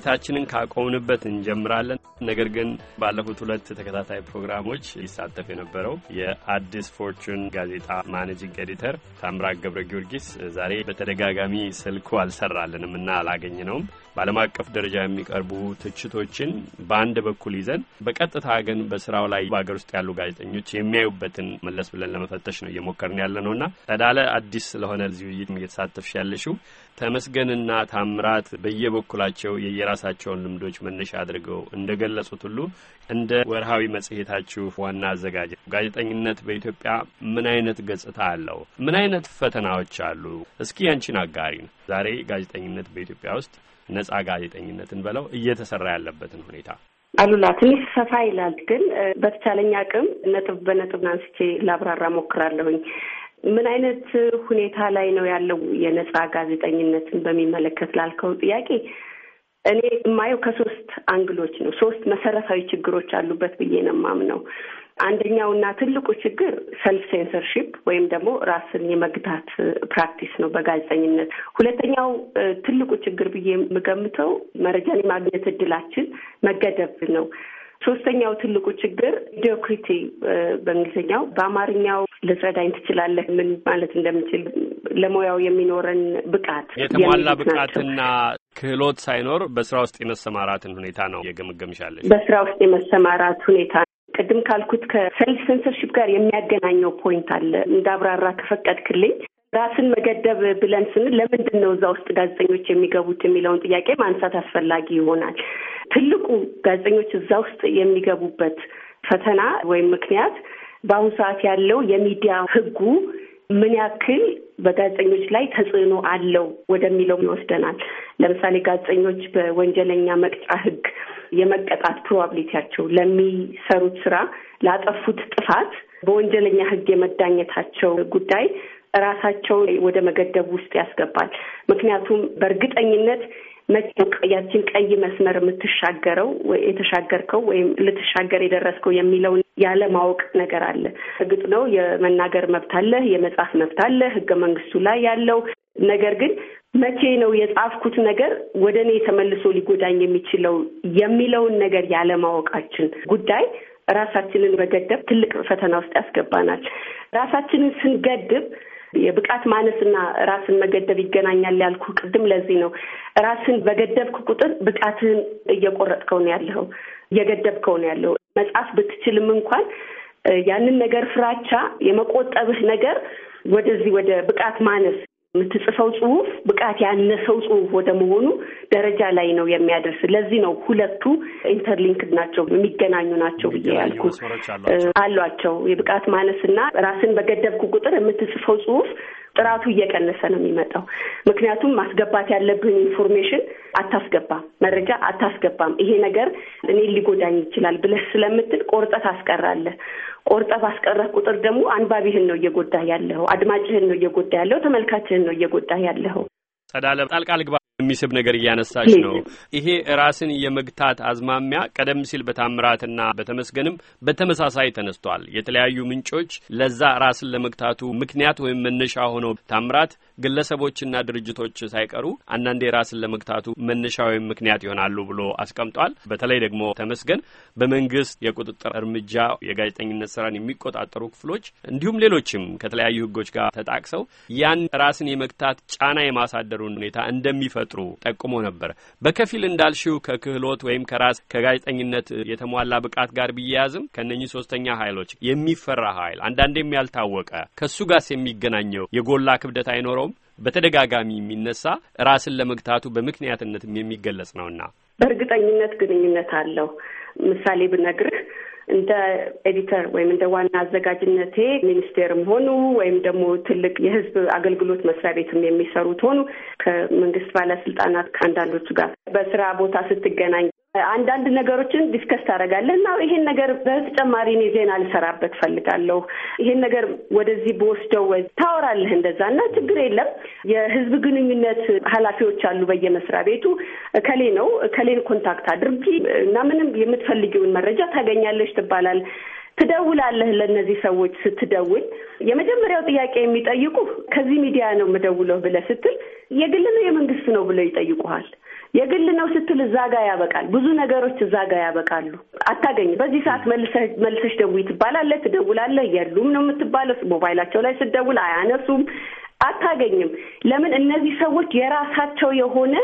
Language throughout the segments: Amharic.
ውይይታችንን ካቆምንበት እንጀምራለን። ነገር ግን ባለፉት ሁለት ተከታታይ ፕሮግራሞች ይሳተፍ የነበረው የአዲስ ፎርቹን ጋዜጣ ማኔጂንግ ኤዲተር ታምራት ገብረ ጊዮርጊስ ዛሬ በተደጋጋሚ ስልኩ አልሰራልንም እና ነውም። በዓለም አቀፍ ደረጃ የሚቀርቡ ትችቶችን በአንድ በኩል ይዘን በቀጥታ ግን በስራው ላይ በሀገር ውስጥ ያሉ ጋዜጠኞች የሚያዩበትን መለስ ብለን ለመፈተሽ ነው እየሞከርን ያለ ነውና ጸዳለ፣ አዲስ ስለሆነ እዚህ ውይይት እየተሳተፍሽ ያለሽው ተመስገንና ታምራት በየበኩላቸው የየራሳቸውን ልምዶች መነሻ አድርገው እንደ ገለጹት ሁሉ እንደ ወርሃዊ መጽሔታችሁ ዋና አዘጋጅ ጋዜጠኝነት በኢትዮጵያ ምን አይነት ገጽታ አለው? ምን አይነት ፈተናዎች አሉ? እስኪ ያንቺን አጋሪ ነው ዛሬ ጋዜጠኝነት በኢትዮጵያ ውስጥ ነጻ ጋዜጠኝነትን በለው እየተሰራ ያለበትን ሁኔታ አሉላ ትንሽ ሰፋ ይላል፣ ግን በተቻለኝ አቅም ነጥብ በነጥብ አንስቼ ላብራራ ሞክራለሁኝ። ምን አይነት ሁኔታ ላይ ነው ያለው የነጻ ጋዜጠኝነትን በሚመለከት ላልከው ጥያቄ እኔ የማየው ከሶስት አንግሎች ነው። ሶስት መሰረታዊ ችግሮች አሉበት ብዬ ነው የማምነው። አንደኛውና ትልቁ ችግር ሰልፍ ሴንሰርሺፕ ወይም ደግሞ ራስን የመግታት ፕራክቲስ ነው በጋዜጠኝነት። ሁለተኛው ትልቁ ችግር ብዬ የምገምተው መረጃን የማግኘት እድላችን መገደብ ነው። ሶስተኛው ትልቁ ችግር ዲዮክሪቲ በእንግሊዝኛው፣ በአማርኛው ልትረዳኝ ትችላለህ ምን ማለት እንደምችል ለሙያው የሚኖረን ብቃት የተሟላ ብቃትና ክህሎት ሳይኖር በስራ ውስጥ የመሰማራትን ሁኔታ ነው የገመገምሻለች። በስራ ውስጥ የመሰማራት ሁኔታ ቅድም ካልኩት ከሰልፍ ሴንሰርሺፕ ጋር የሚያገናኘው ፖይንት አለ እንዳብራራ ከፈቀድክልኝ ራስን መገደብ ብለን ስንል ለምንድን ነው እዛ ውስጥ ጋዜጠኞች የሚገቡት የሚለውን ጥያቄ ማንሳት አስፈላጊ ይሆናል። ትልቁ ጋዜጠኞች እዛ ውስጥ የሚገቡበት ፈተና ወይም ምክንያት በአሁኑ ሰዓት ያለው የሚዲያ ሕጉ ምን ያክል በጋዜጠኞች ላይ ተጽዕኖ አለው ወደሚለው ይወስደናል። ለምሳሌ ጋዜጠኞች በወንጀለኛ መቅጫ ሕግ የመቀጣት ፕሮባብሊቲያቸው ለሚሰሩት ስራ ላጠፉት ጥፋት በወንጀለኛ ሕግ የመዳኘታቸው ጉዳይ ራሳቸውን ወደ መገደብ ውስጥ ያስገባል። ምክንያቱም በእርግጠኝነት መቼም ያችን ቀይ መስመር የምትሻገረው የተሻገርከው ወይም ልትሻገር የደረስከው የሚለውን ያለ ማወቅ ነገር አለ። እርግጥ ነው የመናገር መብት አለ፣ የመጻፍ መብት አለ ህገ መንግስቱ ላይ ያለው ነገር ግን መቼ ነው የጻፍኩት ነገር ወደ እኔ ተመልሶ ሊጎዳኝ የሚችለው የሚለውን ነገር ያለማወቃችን ጉዳይ ራሳችንን በገደብ ትልቅ ፈተና ውስጥ ያስገባናል። ራሳችንን ስንገድብ የብቃት ማነስና ራስን መገደብ ይገናኛል ያልኩ ቅድም ለዚህ ነው። ራስን በገደብክ ቁጥር ብቃትህን እየቆረጥከው ነው ያለኸው፣ እየገደብከው ነው ያለው። መጻፍ ብትችልም እንኳን ያንን ነገር ፍራቻ የመቆጠብህ ነገር ወደዚህ ወደ ብቃት ማነስ የምትጽፈው ጽሁፍ ብቃት ያነሰው ጽሁፍ ወደ መሆኑ ደረጃ ላይ ነው የሚያደርስ። ለዚህ ነው ሁለቱ ኢንተርሊንክድ ናቸው፣ የሚገናኙ ናቸው ብዬ ያልኩ አሏቸው። የብቃት ማነስ እና ራስን በገደብኩ ቁጥር የምትጽፈው ጽሁፍ ጥራቱ እየቀነሰ ነው የሚመጣው። ምክንያቱም ማስገባት ያለብህን ኢንፎርሜሽን አታስገባም፣ መረጃ አታስገባም። ይሄ ነገር እኔ ሊጎዳኝ ይችላል ብለህ ስለምትል ቆርጠህ ታስቀራለህ። ቆርጠህ ባስቀረህ ቁጥር ደግሞ አንባቢህን ነው እየጎዳህ ያለኸው፣ አድማጭህን ነው እየጎዳህ ያለኸው፣ ተመልካችህን ነው እየጎዳህ ያለኸው። ጸዳለ ጣልቃ ልግባ የሚስብ ነገር እያነሳች ነው። ይሄ ራስን የመግታት አዝማሚያ ቀደም ሲል በታምራትና በተመስገንም በተመሳሳይ ተነስቷል። የተለያዩ ምንጮች ለዛ ራስን ለመግታቱ ምክንያት ወይም መነሻ ሆነው ታምራት ግለሰቦችና ድርጅቶች ሳይቀሩ አንዳንዴ ራስን ለመግታቱ መነሻዊ ምክንያት ይሆናሉ ብሎ አስቀምጧል። በተለይ ደግሞ ተመስገን በመንግስት የቁጥጥር እርምጃ የጋዜጠኝነት ስራን የሚቆጣጠሩ ክፍሎች እንዲሁም ሌሎችም ከተለያዩ ህጎች ጋር ተጣቅሰው ያን ራስን የመግታት ጫና የማሳደሩን ሁኔታ እንደሚፈጥሩ ጠቁሞ ነበር። በከፊል እንዳልሽው ከክህሎት ወይም ከራስ ከጋዜጠኝነት የተሟላ ብቃት ጋር ቢያያዝም ከእነኚህ ሶስተኛ ኃይሎች የሚፈራ ኃይል አንዳንዴም ያልታወቀ ከእሱ ጋስ የሚገናኘው የጎላ ክብደት አይኖረውም? በተደጋጋሚ የሚነሳ ራስን ለመግታቱ በምክንያትነትም የሚገለጽ ነውና በእርግጠኝነት ግንኙነት አለው። ምሳሌ ብነግርህ እንደ ኤዲተር ወይም እንደ ዋና አዘጋጅነቴ ሚኒስቴርም ሆኑ ወይም ደግሞ ትልቅ የሕዝብ አገልግሎት መስሪያ ቤትም የሚሰሩት ሆኑ ከመንግስት ባለስልጣናት ከአንዳንዶቹ ጋር በስራ ቦታ ስትገናኝ አንዳንድ ነገሮችን ዲስከስ ታደርጋለህ እና ይሄን ነገር በተጨማሪ እኔ ዜና ልሰራበት ፈልጋለሁ፣ ይሄን ነገር ወደዚህ በወስደው ታወራለህ እንደዛ እና ችግር የለም። የህዝብ ግንኙነት ኃላፊዎች አሉ በየመስሪያ ቤቱ እከሌ ነው እከሌን ኮንታክት አድርጊ እና ምንም የምትፈልጊውን መረጃ ታገኛለች ትባላል። ትደውላለህ ለእነዚህ ሰዎች ስትደውል የመጀመሪያው ጥያቄ የሚጠይቁ ከዚህ ሚዲያ ነው የምደውለው ብለህ ስትል የግል ነው የመንግስት ነው ብለው ይጠይቁሃል። የግል ነው ስትል እዛ ጋ ያበቃል። ብዙ ነገሮች እዛ ጋ ያበቃሉ። አታገኝ በዚህ ሰዓት መልሰሽ ደውይ ትባላለህ፣ ትደውላለህ፣ የሉም ነው የምትባለው። ሞባይላቸው ላይ ስትደውል አያነሱም፣ አታገኝም። ለምን? እነዚህ ሰዎች የራሳቸው የሆነ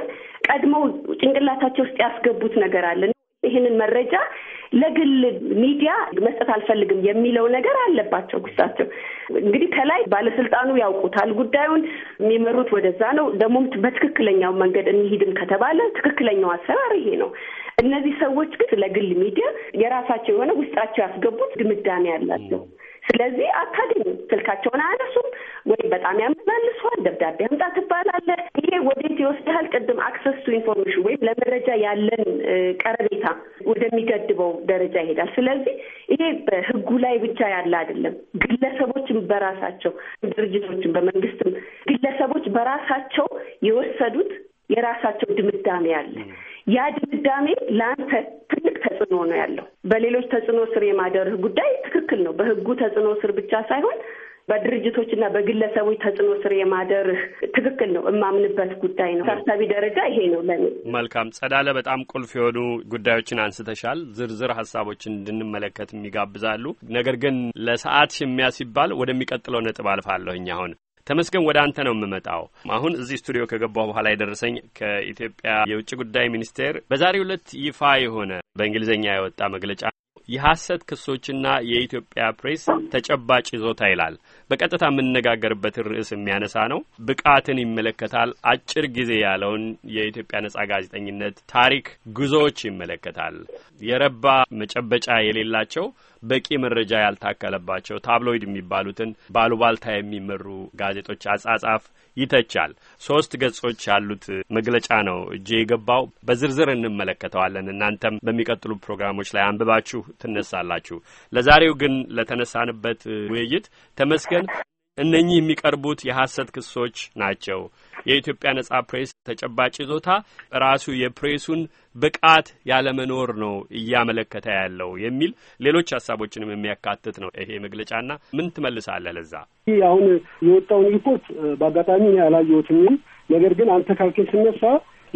ቀድመው ጭንቅላታቸው ውስጥ ያስገቡት ነገር አለ። ይህንን መረጃ ለግል ሚዲያ መስጠት አልፈልግም የሚለው ነገር አለባቸው ጉሳቸው እንግዲህ ከላይ ባለስልጣኑ ያውቁታል ጉዳዩን፣ የሚመሩት ወደዛ ነው። ደግሞ በትክክለኛው መንገድ እንሂድም ከተባለ ትክክለኛው አሰራር ይሄ ነው። እነዚህ ሰዎች ግን ለግል ሚዲያ የራሳቸው የሆነ ውስጣቸው ያስገቡት ድምዳሜ አላቸው። ስለዚህ አታገኙ። ስልካቸውን አያነሱም ወይም በጣም ያመላልሷል። ደብዳቤ አምጣ ትባላለ። ይሄ ወዴት ይወስድሃል? ቅድም አክሰስ ቱ ኢንፎርሜሽን ወይም ለመረጃ ያለን ቀረቤታ ወደሚገድበው ደረጃ ይሄዳል። ስለዚህ ይሄ በህጉ ላይ ብቻ ያለ አይደለም። ግለሰቦችን በራሳቸው ድርጅቶችን፣ በመንግስትም ግለሰቦች በራሳቸው የወሰዱት የራሳቸው ድምዳሜ አለ። ያ ድምዳሜ ለአንተ ተጽዕኖ ነው ያለው። በሌሎች ተጽዕኖ ስር የማደር ጉዳይ ትክክል ነው። በህጉ ተጽዕኖ ስር ብቻ ሳይሆን በድርጅቶች እና በግለሰቦች ተጽዕኖ ስር የማደር ትክክል ነው እማምንበት ጉዳይ ነው። ሳሳቢ ደረጃ ይሄ ነው ለኔ። መልካም ጸዳለ፣ በጣም ቁልፍ የሆኑ ጉዳዮችን አንስተሻል። ዝርዝር ሀሳቦችን እንድንመለከት የሚጋብዛሉ። ነገር ግን ለሰዓት ሽሚያ ሲባል ወደሚቀጥለው ነጥብ አልፋለሁኝ። አሁን ተመስገን ወደ አንተ ነው የምመጣው። አሁን እዚህ ስቱዲዮ ከገባሁ በኋላ የደረሰኝ ከኢትዮጵያ የውጭ ጉዳይ ሚኒስቴር በዛሬው ዕለት ይፋ የሆነ በእንግሊዝኛ የወጣ መግለጫ የሐሰት ክሶችና የኢትዮጵያ ፕሬስ ተጨባጭ ይዞታ ይላል። በቀጥታ የምንነጋገርበትን ርዕስ የሚያነሳ ነው። ብቃትን ይመለከታል። አጭር ጊዜ ያለውን የኢትዮጵያ ነጻ ጋዜጠኝነት ታሪክ ጉዞዎች ይመለከታል። የረባ መጨበጫ የሌላቸው በቂ መረጃ ያልታከለባቸው ታብሎይድ የሚባሉትን ባሉባልታ የሚመሩ ጋዜጦች አጻጻፍ ይተቻል። ሶስት ገጾች ያሉት መግለጫ ነው እጄ የገባው። በዝርዝር እንመለከተዋለን። እናንተም በሚቀጥሉ ፕሮግራሞች ላይ አንብባችሁ ትነሳላችሁ። ለዛሬው ግን ለተነሳንበት ውይይት ተመስገን እነኚህ የሚቀርቡት የሐሰት ክሶች ናቸው። የኢትዮጵያ ነጻ ፕሬስ ተጨባጭ ይዞታ ራሱ የፕሬሱን ብቃት ያለመኖር ነው እያመለከተ ያለው የሚል ሌሎች ሀሳቦችንም የሚያካትት ነው ይሄ መግለጫና ምን ትመልሳለህ ለዛ? ይህ አሁን የወጣውን ሪፖርት በአጋጣሚ ያላየሁትም፣ ነገር ግን አንተ ካልከኝ ስነሳ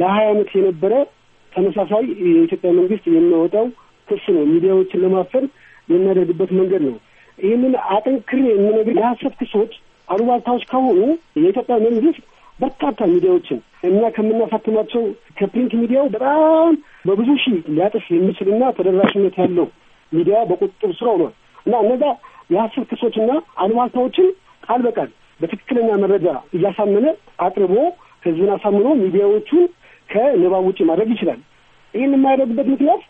ለሀያ አመት የነበረ ተመሳሳይ የኢትዮጵያ መንግስት የሚያወጣው ክስ ነው። ሚዲያዎችን ለማፈን የሚያደርግበት መንገድ ነው። ይህንን አጠንክሬ የምነግር የሀሰት ክሶች አሉባልታዎች ከሆኑ የኢትዮጵያ መንግስት በርካታ ሚዲያዎችን እኛ ከምናሳትማቸው ከፕሪንት ሚዲያው በጣም በብዙ ሺህ ሊያጥፍ የሚችልና ተደራሽነት ያለው ሚዲያ በቁጥጥር ስር ሆኗል እና እነዛ የሀሰት ክሶችና አሉባልታዎችን ቃል በቃል በትክክለኛ መረጃ እያሳመነ አቅርቦ ህዝብን አሳምኖ ሚዲያዎቹን ከንባብ ውጭ ማድረግ ይችላል። ይህን የማያደርግበት ምክንያት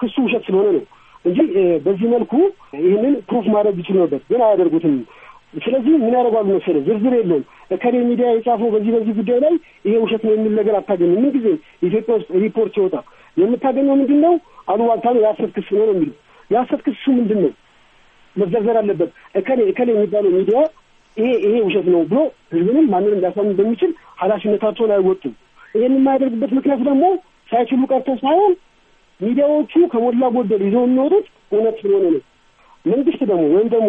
ክሱ ውሸት ስለሆነ ነው። እንጂ በዚህ መልኩ ይህንን ፕሩፍ ማድረግ ይችሉ ነበር፣ ግን አያደርጉትም። ስለዚህ ምን ያደርጓሉ መሰለህ? ዝርዝር የለውም። እከሌ ሚዲያ የጻፈው በዚህ በዚህ ጉዳይ ላይ ይሄ ውሸት ነው የሚል ነገር አታገኝም። ምን ጊዜ ኢትዮጵያ ውስጥ ሪፖርት ሲወጣ የምታገኘው ምንድን ነው? አሉባልታ ነው፣ የሐሰት ክስ ነው ነው የሚሉ የሐሰት ክሱ ምንድን ነው መዘርዘር አለበት። እከሌ እከሌ የሚባለው ሚዲያ ይሄ ይሄ ውሸት ነው ብሎ ህዝብንም ማንንም ሊያሳምን እንደሚችል ኃላፊነታቸውን አይወጡም። ይሄን የማያደርግበት ምክንያት ደግሞ ሳይችሉ ቀርተው ሳይሆን ሚዲያዎቹ ከሞላ ጎደል ይዘው የሚወጡት እውነት ስለሆነ ነው። መንግስት ደግሞ ወይም ደግሞ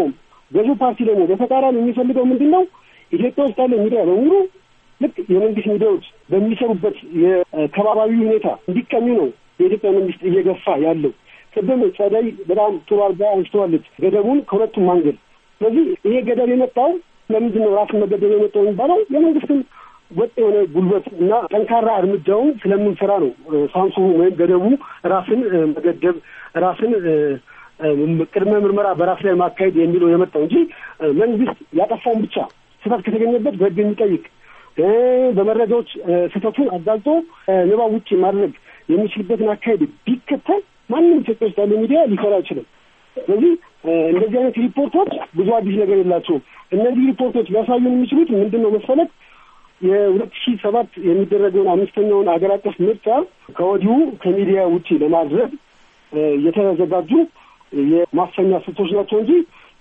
ገዢው ፓርቲ ደግሞ በተቃራኒ የሚፈልገው ምንድን ነው? ኢትዮጵያ ውስጥ ያለ ሚዲያ በሙሉ ልክ የመንግስት ሚዲያዎች በሚሰሩበት የከባባዊ ሁኔታ እንዲቀኙ ነው የኢትዮጵያ መንግስት እየገፋ ያለው። ቅድም ጸደይ በጣም ጥሩ አርጋ አንስተዋለች ገደቡን ከሁለቱም ማንገድ። ስለዚህ ይሄ ገደብ የመጣው ለምንድን ነው ራስን መገደብ የመጣው የሚባለው የመንግስትን ወጥ የሆነ ጉልበት እና ጠንካራ እርምጃውን ስለምንሰራ ነው። ሳንሱ ወይም ገደቡ ራስን መገደብ ራስን ቅድመ ምርመራ በራስ ላይ ማካሄድ የሚለው የመጣው እንጂ መንግስት ያጠፋውን ብቻ ስህተት ከተገኘበት በህግ የሚጠይቅ በመረጃዎች ስህተቱን አጋልጦ ንባብ ውጭ ማድረግ የሚችልበትን አካሄድ ቢከተል ማንም ኢትዮጵያ ውስጥ ያለ ሚዲያ ሊሰራ አይችልም። ስለዚህ እንደዚህ አይነት ሪፖርቶች ብዙ አዲስ ነገር የላቸውም። እነዚህ ሪፖርቶች ሊያሳዩን የሚችሉት ምንድን ነው መሰለህ የሁለት ሺህ ሰባት የሚደረገውን አምስተኛውን አገር አቀፍ ምርጫ ከወዲሁ ከሚዲያ ውጪ ለማድረግ የተዘጋጁ የማሰኛ ስልቶች ናቸው እንጂ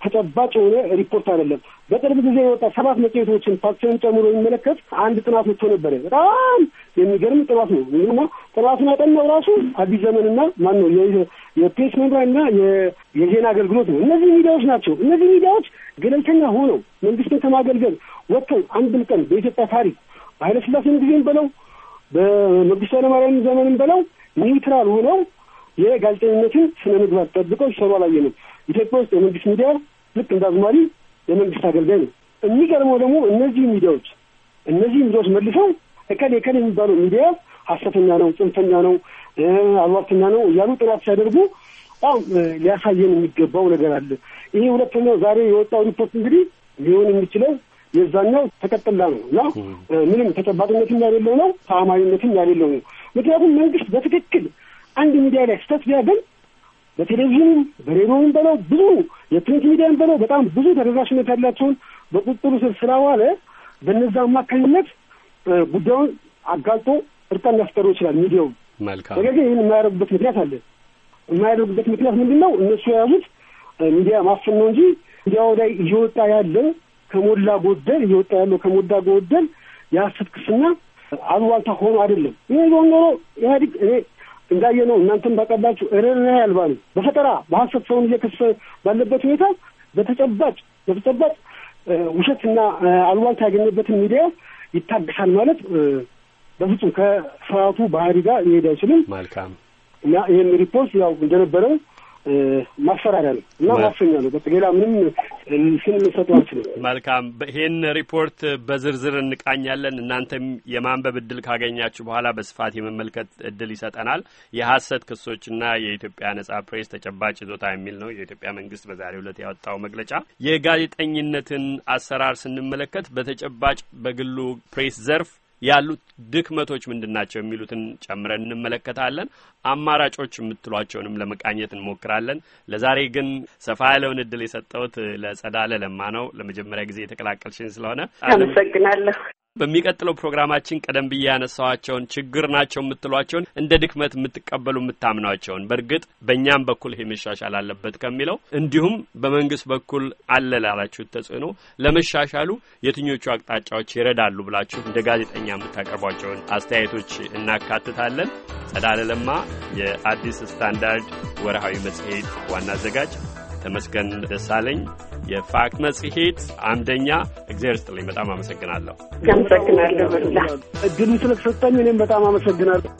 ተጨባጭ የሆነ ሪፖርት አይደለም። በቅርብ ጊዜ የወጣ ሰባት መጽሔቶችን ፋክሽን ጨምሮ የሚመለከት አንድ ጥናት ወጥቶ ነበረ። በጣም የሚገርም ጥናት ነው እና ጥናቱን ያጠናው ራሱ አዲስ ዘመንና ማን ነው የፕሬስ መምሪያና የዜና አገልግሎት ነው። እነዚህ ሚዲያዎች ናቸው። እነዚህ ሚዲያዎች ገለልተኛ ሆነው መንግስትን ከማገልገል ወጥተው አንድም ቀን በኢትዮጵያ ታሪክ በኃይለስላሴን ጊዜም በለው በመንግስቱ ኃይለማርያም ዘመንም በለው ኒውትራል ሆነው የጋዜጠኝነትን ስነ ምግባር ጠብቀው ሲሰሩ አላየንም። ኢትዮጵያ ውስጥ የመንግስት ሚዲያ ልክ እንደ አዝማሪ የመንግስት አገልጋይ ነው። የሚገርመው ደግሞ እነዚህ ሚዲያዎች እነዚህ ሚዲያዎች መልሰው እከሌ እከሌ የሚባለው ሚዲያ ሀሰተኛ ነው፣ ጽንፈኛ ነው፣ አሏልተኛ ነው እያሉ ጥናት ሲያደርጉ ሊያሳየን የሚገባው ነገር አለ። ይሄ ሁለተኛው ዛሬ የወጣው ሪፖርት እንግዲህ ሊሆን የሚችለው የዛኛው ተቀጥላ ነው እና ምንም ተጨባጭነትም ያሌለው ነው፣ ተአማኝነትም ያሌለው ነው። ምክንያቱም መንግስት በትክክል አንድ ሚዲያ ላይ ስህተት ቢያገኝ በቴሌቪዥንም በሬዲዮም በለው ብዙ የፕሪንት ሚዲያም በለው በጣም ብዙ ተደራሽነት ያላቸውን በቁጥጥሩ ስር ስላዋለ በነዛ አማካኝነት ጉዳዩን አጋልጦ እርቀን ሊያስጠሩ ይችላል ሚዲያው። ነገር ግን ይህን የማያደርጉበት ምክንያት አለ። የማያደርጉበት ምክንያት ምንድን ነው? እነሱ የያዙት ሚዲያ ማፈን ነው እንጂ ሚዲያው ላይ እየወጣ ያለ ከሞላ ጎደል እየወጣ ያለው ከሞላ ጎደል የሐሰት ክስና አሉባልታ ሆኖ አይደለም። ይህ ዞን ኖሮ ኢህአዲግ እኔ እንዳየ ነው። እናንተም ታውቃላችሁ። ርኅራኄ አልባ ነው። በፈጠራ በሀሰት ሰውን እየከሰ ባለበት ሁኔታ በተጨባጭ በተጨባጭ ውሸትና አሉባልታ ያገኘበትን ሚዲያ ይታገሳል ማለት በፍጹም ከስርዓቱ ባህሪ ጋር ሊሄድ አይችልም። መልካም እና ይህን ሪፖርት ያው እንደነበረው ማፈራሪያ ነው እና ማፈኛ ነው። ሌላ ምንም ስም ልሰጡ አልችልም። መልካም፣ ይህን ሪፖርት በዝርዝር እንቃኛለን። እናንተም የማንበብ እድል ካገኛችሁ በኋላ በስፋት የመመልከት እድል ይሰጠናል። የሀሰት ክሶችና የኢትዮጵያ ነጻ ፕሬስ ተጨባጭ ይዞታ የሚል ነው የኢትዮጵያ መንግስት በዛሬው ዕለት ያወጣው መግለጫ። የጋዜጠኝነትን አሰራር ስንመለከት በተጨባጭ በግሉ ፕሬስ ዘርፍ ያሉት ድክመቶች ምንድን ናቸው የሚሉትን ጨምረን እንመለከታለን። አማራጮች የምትሏቸውንም ለመቃኘት እንሞክራለን። ለዛሬ ግን ሰፋ ያለውን እድል የሰጠሁት ለጸዳለ ለማ ነው። ለመጀመሪያ ጊዜ የተቀላቀልሽን ስለሆነ አመሰግናለሁ። በሚቀጥለው ፕሮግራማችን ቀደም ብዬ ያነሳዋቸውን ችግር ናቸው የምትሏቸውን እንደ ድክመት የምትቀበሉ የምታምኗቸውን በእርግጥ በእኛም በኩል ይሄ መሻሻል አለበት ከሚለው እንዲሁም በመንግስት በኩል አለ ላላችሁት ተጽዕኖ ለመሻሻሉ የትኞቹ አቅጣጫዎች ይረዳሉ ብላችሁ እንደ ጋዜጠኛ የምታቀርቧቸውን አስተያየቶች እናካትታለን። ጸዳለ ለማ የአዲስ ስታንዳርድ ወርሃዊ መጽሔት ዋና አዘጋጅ ተመስገን ደሳለኝ የፋክ መጽሔት አምደኛ። እግዚአብሔር ስጥልኝ። በጣም አመሰግናለሁ። አመሰግናለሁ። እድሉ ስለተሰጠኝ እኔም በጣም አመሰግናለሁ።